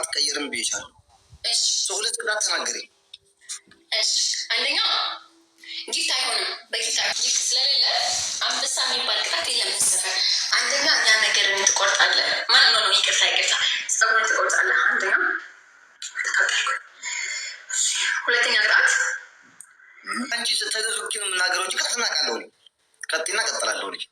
አትቀየርም ብዬሻለሁ። ሁለት ቅጣት ተናገሪ። አንደኛው ጊፍት አይሆንም። በጊፍት ጊፍት ስለሌለ አንበሳ የሚባል ቅጣት የለም። ሰፈር አንደኛ እኛ ነገር ትቆርጣለ ማለት ነው። ይቅርታ ይቅርታ፣ ጸጉር ትቆርጣለ። አንደኛ ሁለተኛ ቅጣት አንቺ ስተደርግ የምናገረው ጭቃ ቀጥና ቀጤና ቀጥላለሁ ልጅ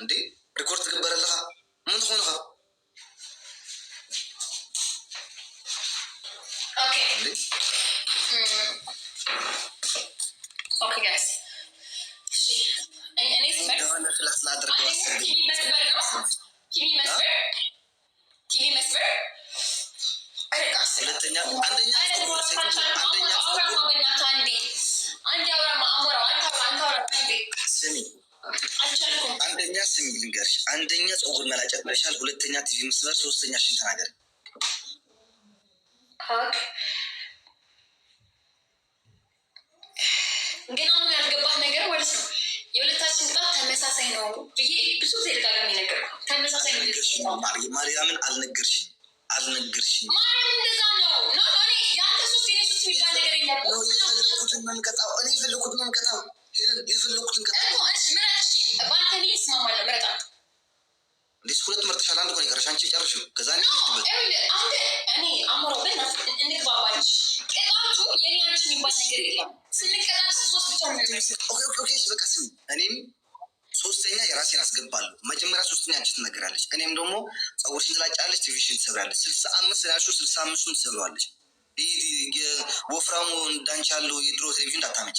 እንዴ ሪኮርድ ትግበረለካ ምን ትኾንካ አንደኛ ስሚ ልንገርሽ፣ አንደኛ ፀጉር መላጨት ብለሻል፣ ሁለተኛ ቲቪ ምስበር፣ ሶስተኛ ሽን ተናገር። ግን አሁን ያልገባት ነገር ማለት ነው የሁለታችን ቅጣት ተመሳሳይ ነው ብዬ ብዙ ጊዜ ደጋግሜ ነገር ተመሳሳይ ነው። ማርያምን አልነገርሽ አልነገርሽ ማርያም እንደዛ ነው ነው እኔ የአንተ ሶስት ሶስት የሚባል ነገር የለም። የፈለኩትን መንቀጣው እኔ የፈለኩትን መንቀጣው የፈለኩትን ቀጣ በአንተ እኔ እስማማለሁ። መርጣት እንዴት ሁለት መርጥሻል። አንድ ሆነ የቀረሽ አንቺ ጨርሽ። ከዛ አንተ እኔ አሞረብን እንግባባች። ቅጣቱ የኔ አንቺ የሚባል ነገር የለም። ስንቀጣ ሶስት ብቻ በቃ ስም እኔም ሶስተኛ የራሴን አስገባለሁ። መጀመሪያ ሶስተኛ አንቺ ትነግራለች። እኔም ደግሞ ፀጉርሽን ትላጫለች፣ ቲቪሽን ትሰብራለች። ስልሳ አምስት ስላልሽው ስልሳ አምስቱን ትሰብረዋለች። ወፍራሙ እንዳንቺ ያለው የድሮ ቴሌቪዥን እንዳታመጭ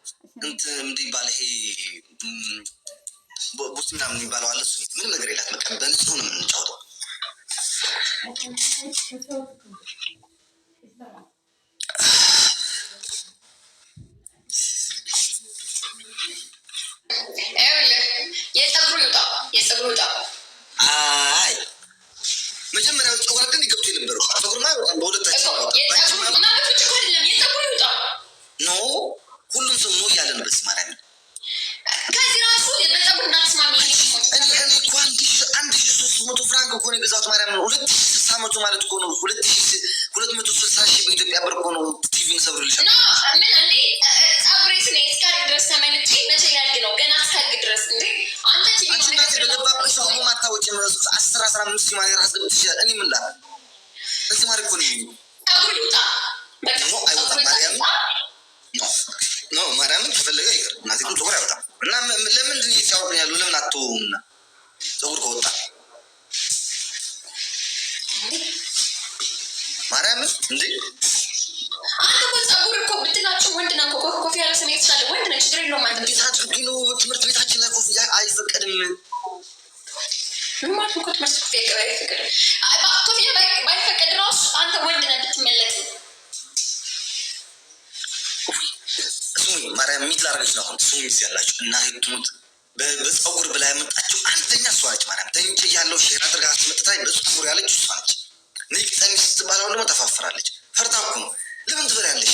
የሚባል ይሄ ቡስና የሚባለው አለ። እሱ ምንም ነገር የላት በቃ በንጹህ ነው የምንጫወተው። የፀጉሩ ይውጣ፣ ይውጣ ይውጣ ሶስት መቶ ፍራንክ ከሆነ የገዛሁት ማርያም ነው። ሁለት ሺህ ስልሳ መቶ ማለት እኮ ነው። ሁለት ሺህ ሁለት መቶ ስልሳ ሺህ በኢትዮጵያ ብር እኮ ነው። ቲቪ እንሰብርልሻል። ነው ማርያም ከፈለገ ይቅር እና ለምንድን ያሉ እንዴት አድርጊ ትምህርት ቤታችን ላይ ኮፍያ አይፈቀድም? ኮፍያ ባይፈቀድ ራሱ አንተ ወንድ ነህ እንድትመለጥ። ማርያም ሚት ላረገች ነው ሱ ጊዜ ያላችሁ እና ቱት በፀጉር ብላ ያመጣችው አንደኛ እሷ ነች። ማርያም ተኝቼ ያለው ሼር አድርጋ ስመጥታ በፀጉር ያለች እሷ ነች። ነጭ ቀሚስ ስትባለው ደግሞ ተፋፍራለች። ፈርታ እኮ ነው። ለምን ትበላለሽ?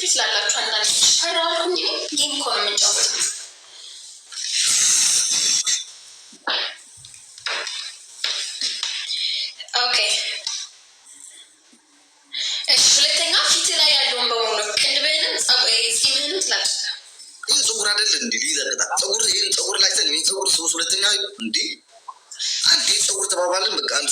ፊት ላላችሁ አንዳንድ ፈራዋል እንጂ ጌም እኮ ነው የምንጫወት። ሁለተኛ ጸጉር ሶስት ሁለተኛ እንዲ አንድ ጸጉር ተባባልን። በቃ አንድ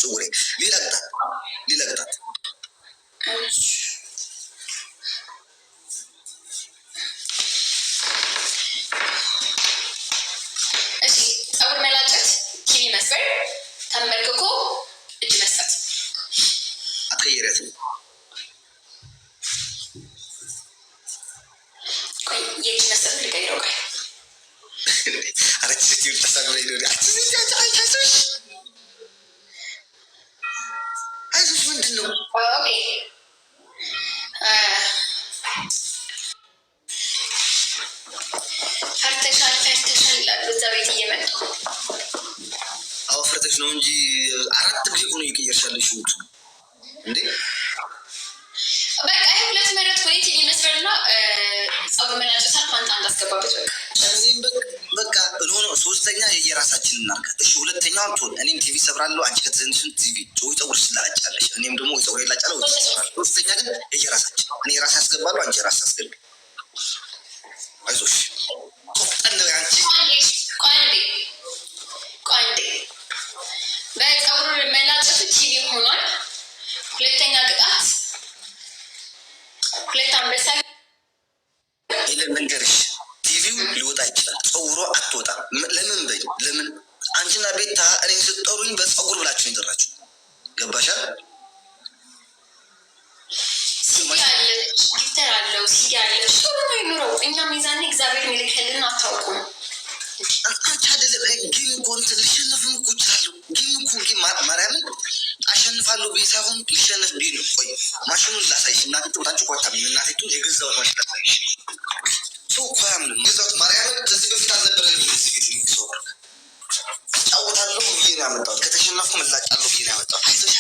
ቤት ነው እንጂ አራት ጊዜ ሆኖ ይቀየርሻለሽ እንዴ በመናጨሳት ሶስተኛ የየራሳችን እናርጋት። እሺ ሁለተኛውን ትሆን እኔም ቲቪ ሰብራለሁ፣ አንቺ ከተዘንሽን ቲቪ ጨው ጸጉር ስላጫለሽ እኔም ደግሞ ጸጉር ላጫለ። ሶስተኛ ግን የየራሳችን እኔ ራሴ ያስገባለሁ፣ አንቺ ራስ ያስገቢ። አይዞሽ ልንገርሽ፣ ቲቪው ሊወጣ ይችላል። ፀጉሯ አትወጣ። ለምን በይ ለምን አንቺና ቤታ እኔ ስጠሩኝ በፀጉር ብላችሁ የጠራችሁ ገባሻ? ጊፍተር ቢ ሲያለሽ ነው አደለም አሸንፋለሁ ሳይሆን ቆይ ማሽኑን ላሳይሽ። እናቴ ጣንጭ ኳታ እናቴቱን የገዛሁት ማሽን ላሳይሽ ሰው እኮ አያምንም። ግዛት ማርያምን ከዚህ በፊት አልነበረ እዚህ ቤት የሚሰሩ ብዬ ነው ያመጣሁት። ከተሸነፍኩ መላጫለሁ ብዬ ነው ያመጣሁት።